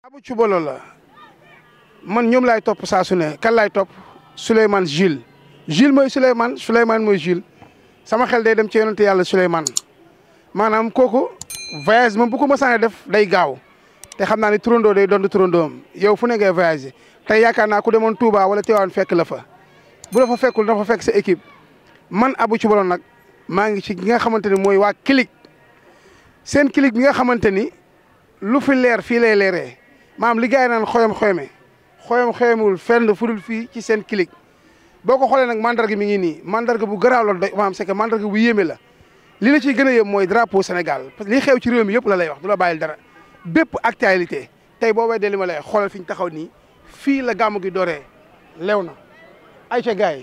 Abu Cubalo la man ñoom lay topp saasune su ne kan laay topp Souleymane Jules Jules mooy Souleymane Souleymane mooy Jules sama xel day dem ci yonente yàlla Souleymane maanaam kooku voyage moom bu ko mësaane def day gaaw te xam naa ne turandoo day doon turandoom yow fu ne ngay voyagé tey yaakaar naa ku demoon Touba wala Tivaouane fekk la fa bu la fa fekkul dafa fekk si équipe man Abu Cubalo nag maa ngi ci ki nga xamante ni mooy waa kilik seen clique bi nga xamante ni lu fi leer fii lay leeree maam li gars yi naan xoyom xoyome xoyom xoyomul fenn fu dul fii ci seen clique boo ko xoolee nag mandarga mi ngi nii mandarga bu garaaw la doy maam c'est que mandarga bu yéeme la li la ciy gën a yem mooy drapeau Sénégal parce que li xew ci réew mi yëpp la lay wax du la bàyyil dara bépp actualité tey boo weddee li ma lay xoolal fi ñu taxaw nii fii la gàmmu gi dooree lew na ay ca gars